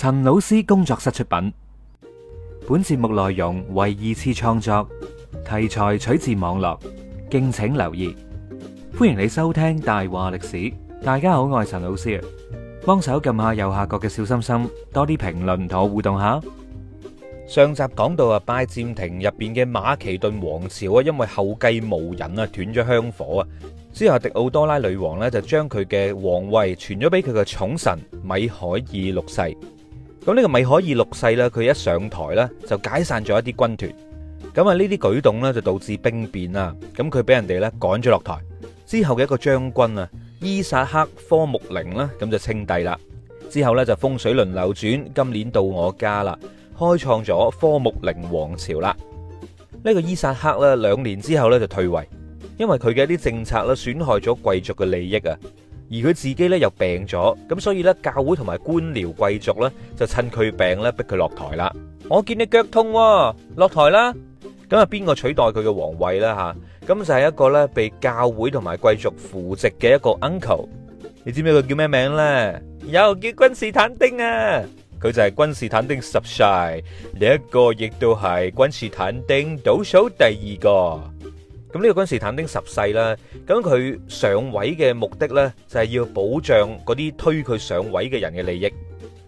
陳老師工作室出品，本節目內容為二次創作，題材取自網絡，敬請留意。歡迎你收聽大話歷史。大家好，我係陳老師啊，幫手撳下右下角嘅小心心，多啲評論同我互動下。上集講到啊，拜占庭入邊嘅馬其頓王朝啊，因為後繼無人啊，斷咗香火啊，之後迪奧多拉女王呢，就將佢嘅皇位傳咗俾佢嘅寵臣米海爾六世。咁、這、呢個米海爾六世呢，佢一上台咧就解散咗一啲軍團，咁啊呢啲舉動呢，就導致兵變啦。咁佢俾人哋咧趕咗落台。之後嘅一個將軍啊，伊薩克科木寧啦，咁就稱帝啦。之後呢，就風水輪流轉，今年到我家啦，開創咗科木寧王朝啦。呢、這個伊薩克咧兩年之後咧就退位，因為佢嘅一啲政策咧損害咗貴族嘅利益啊。而佢自己咧又病咗，咁所以咧教會同埋官僚貴族咧就趁佢病咧逼佢落台啦。我見你腳痛，落台啦。咁啊邊個取代佢嘅皇位啦？吓，咁就係一個咧被教會同埋貴族扶植嘅一個 uncle。你知唔知佢叫咩名咧？又叫君士坦丁啊！佢就係君士坦丁十世，另一個亦都係君士坦丁倒數第二個。咁呢個君士坦丁十世啦，咁佢上位嘅目的呢，就係要保障嗰啲推佢上位嘅人嘅利益，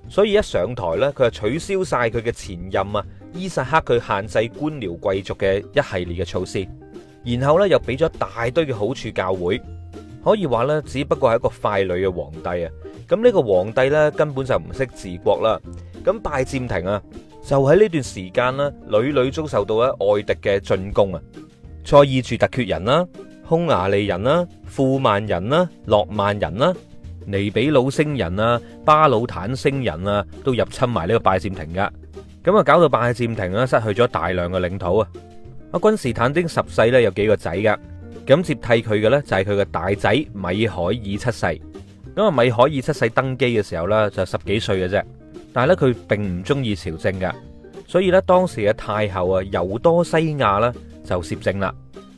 所以一上台呢，佢就取消晒佢嘅前任啊，伊薩克佢限制官僚貴族嘅一系列嘅措施，然後呢，又俾咗大堆嘅好處教會，可以話呢，只不過係一個傀儡嘅皇帝啊。咁呢個皇帝呢，根本就唔識治國啦，咁拜占庭啊，就喺呢段時間呢，屢屢遭受到咧外敵嘅進攻啊。塞爾柱突厥人啦、匈牙利人啦、庫曼人啦、諾曼人啦、尼比魯星人啊、巴魯坦星人啦，都入侵埋呢個拜占庭噶，咁啊搞到拜占庭啦失去咗大量嘅領土啊！阿君士坦丁十世咧有幾個仔噶，咁接替佢嘅咧就係佢嘅大仔米海爾七世，咁啊米海爾七世登基嘅時候咧就十幾歲嘅啫，但係咧佢並唔中意朝政噶。所以咧，當時嘅太后啊，尤多西亞啦就攝政啦。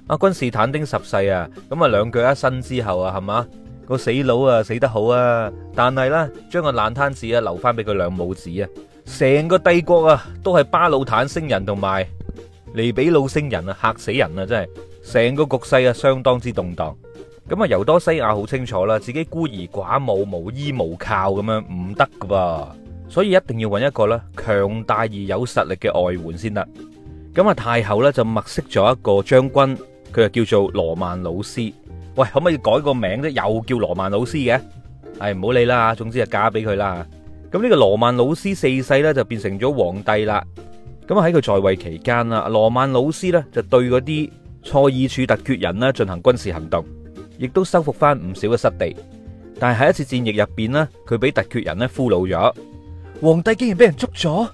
阿君士坦丁十世啊，咁啊兩腳一伸之後啊，係嘛個死佬啊死得好啊，但係咧將個爛攤子啊留翻俾佢兩母子啊，成個帝國啊都係巴魯坦星人同埋尼比魯星人啊嚇死人啊真係，成個局勢啊相當之動盪。咁啊尤多西亞好清楚啦，自己孤兒寡母無依無靠咁樣唔得噶噃。所以一定要揾一個咧強大而有實力嘅外援先得。咁啊太后咧就物色咗一個將軍，佢就叫做羅曼老師。喂，可唔可以改個名啫？又叫羅曼老師嘅，唉、哎，唔好理啦。總之就嫁俾佢啦。咁呢個羅曼老師四世咧就變成咗皇帝啦。咁喺佢在位期間啦，羅曼老師咧就對嗰啲塞爾柱突厥人咧進行軍事行動，亦都收復翻唔少嘅失地。但係喺一次戰役入邊呢，佢俾突厥人咧俘虜咗。皇帝竟然俾人捉咗，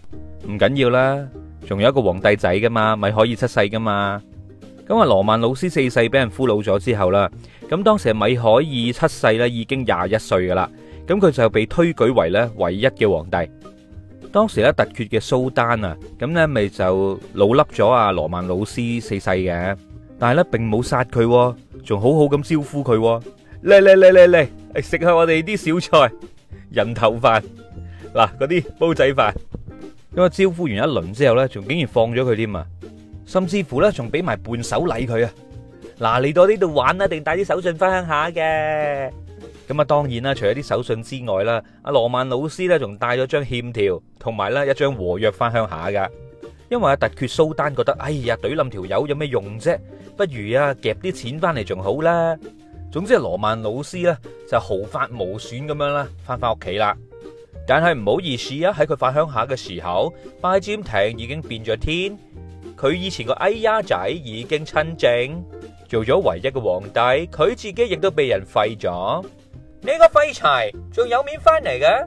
唔緊要啦，仲有一個皇帝仔噶嘛，米海爾七世噶嘛。咁啊，羅曼老師四世俾人俘虜咗之後啦，咁當時啊，米海爾七世咧，已經廿一歲噶啦。咁佢就被推舉為咧唯一嘅皇帝。當時咧，突厥嘅蘇丹啊，咁咧咪就老笠咗啊羅曼老師四世嘅，但係咧並冇殺佢，仲好好咁招呼佢嚟嚟嚟嚟嚟，食下我哋啲小菜人頭飯。嗱，嗰啲煲仔飯，因為招呼完一輪之後咧，仲竟然放咗佢添啊，甚至乎咧仲俾埋伴手禮佢啊！嗱，嚟到呢度玩一定帶啲手信翻鄉下嘅？咁啊，當然啦，除咗啲手信之外啦，阿羅曼老師咧仲帶咗張欠條同埋咧一張和約翻鄉下噶，因為阿突厥蘇丹覺得，哎呀，懟冧條友有咩用啫？不如啊夾啲錢翻嚟仲好啦。總之，羅曼老師咧就毫髮無損咁樣啦，翻翻屋企啦。但係唔好意思啊，喺佢返鄉下嘅時候，拜占庭已經變咗天，佢以前個哎呀仔已經親政，做咗唯一嘅皇帝，佢自己亦都被人廢咗。呢個廢柴仲有面翻嚟嘅？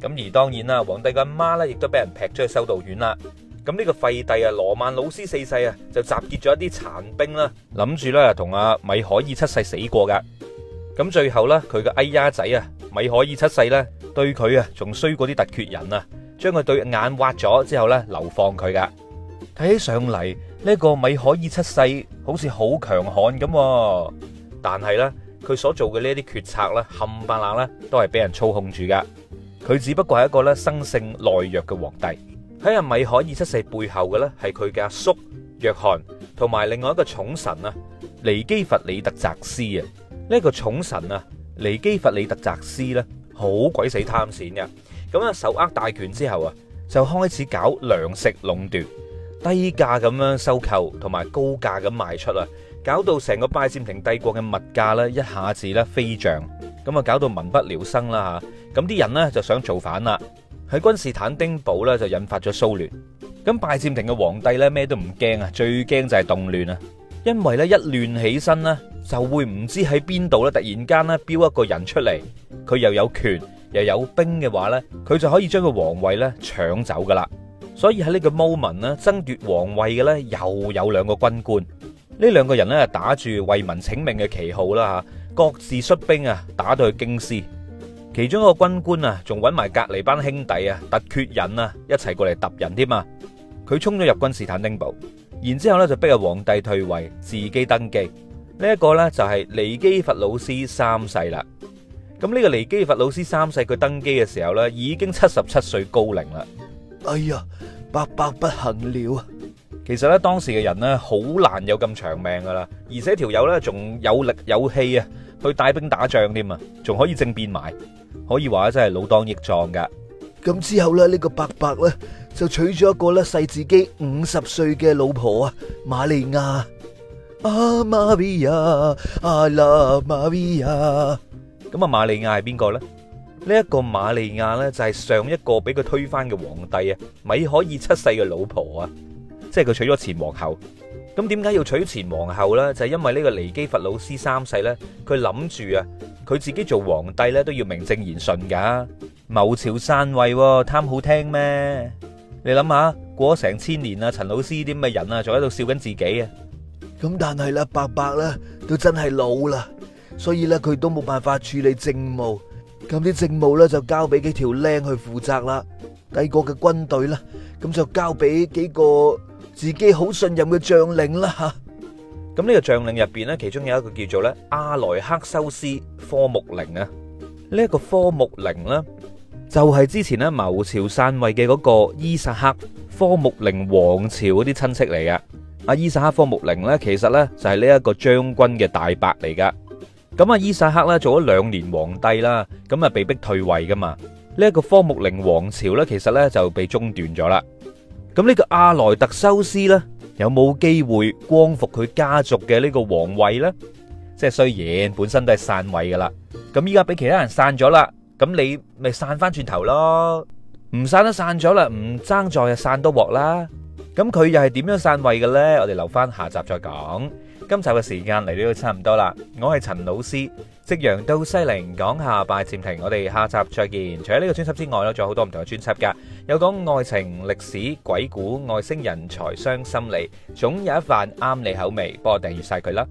咁而當然啦，皇帝嘅阿媽咧亦都俾人劈咗去修道院啦。咁呢個廢帝啊，羅曼老師四世啊，就集結咗一啲殘兵啦，諗住咧同阿米可爾七世死過噶。咁最後咧，佢個哎呀仔啊，米可爾七世咧，對佢啊，仲衰過啲突厥人啊，將佢對眼挖咗之後呢，流放佢噶。睇起上嚟呢個米可爾七世，好似好強悍咁，但係呢，佢所做嘅呢啲決策呢，冚唪唥呢，都係俾人操控住噶。佢只不過係一個呢生性懦弱嘅皇帝。喺阿米可爾七世背後嘅呢，係佢嘅阿叔約翰同埋另外一個寵臣啊，尼基弗里特澤斯啊。呢一個寵臣啊，尼基弗里特澤斯呢。好鬼死貪錢嘅咁啊！手握大權之後啊，就開始搞糧食壟斷，低價咁樣收購，同埋高價咁賣出啦，搞到成個拜占庭帝國嘅物價咧，一下子咧飛漲，咁啊搞到民不聊生啦嚇。咁啲人咧就想造反啦，喺君士坦丁堡咧就引發咗騷亂。咁拜占庭嘅皇帝咧咩都唔驚啊，最驚就係動亂啊！因為咧一亂起身咧，就會唔知喺邊度啦。突然間咧，標一個人出嚟，佢又有權又有兵嘅話呢，佢就可以將個皇位咧搶走噶啦。所以喺呢個 moment 咧爭奪皇位嘅呢，又有兩個軍官。呢兩個人咧打住為民請命嘅旗號啦，各自率兵啊，打到去京師。其中一個軍官啊，仲揾埋隔籬班兄弟啊，突厥人啊，一齊過嚟揼人添嘛。佢衝咗入君士坦丁堡。然之後咧就逼阿皇帝退位，自己登基。呢、這、一個咧就係尼基弗老斯三世啦。咁、這、呢個尼基弗老斯三世佢登基嘅時候呢，已經七十七歲高齡啦。哎呀，伯伯不幸了。其實呢，當時嘅人呢，好難有咁長命噶啦，而且條友呢，仲有力有氣啊，去帶兵打仗添啊，仲可以政變埋，可以話咧真係老當益壯噶。咁之後咧呢、這個伯伯呢。就娶咗一個啦，細自己五十歲嘅老婆啊，瑪利亞，啊、ah, 瑪利亞，I love Maria，咁啊瑪利亞係邊個咧？呢一個瑪利亞咧就係上一個俾佢推翻嘅皇帝啊，米可以七世嘅老婆啊，即係佢娶咗前皇后。咁點解要娶前皇后咧？就係、是、因為呢個尼基佛老斯三世咧，佢諗住啊，佢自己做皇帝咧都要名正言順噶，謀朝篡位，貪好聽咩？你諗下，過咗成千年啦，陳老師呢啲咁嘅人啊，仲喺度笑緊自己啊！咁但係啦，伯伯咧都真係老啦，所以咧佢都冇辦法處理政務，咁啲政務咧就交俾幾條僆去負責啦。帝國嘅軍隊咧，咁就交俾幾個自己好信任嘅將領啦吓。咁呢個將領入邊咧，其中有一個叫做咧阿萊克修斯科木寧啊，呢一個科木寧啦。就係、是、之前咧，謀朝篡位嘅嗰個伊薩克科木寧王朝嗰啲親戚嚟嘅。阿伊薩克科木寧呢，其實呢就係呢一個將軍嘅大伯嚟噶。咁阿伊薩克呢做咗兩年皇帝啦，咁啊被逼退位噶嘛。呢一個科木寧王朝呢，其實呢就被中斷咗啦。咁呢個阿萊特修斯呢，有冇機會光復佢家族嘅呢個皇位呢？即係雖然本身都係篡位噶啦，咁依家俾其他人篡咗啦。咁你咪散翻轉頭咯，唔散都散咗啦，唔爭在，散都鑊啦。咁佢又係點樣散位嘅呢？我哋留翻下集再講。今集嘅時間嚟到都差唔多啦，我係陳老師，夕陽到西陵，講下拜占庭，我哋下集再見。除咗呢個專輯之外，呢仲有好多唔同嘅專輯噶，有講愛情、歷史、鬼故、外星人、財商、心理，總有一份啱你口味，幫我訂閱晒佢啦。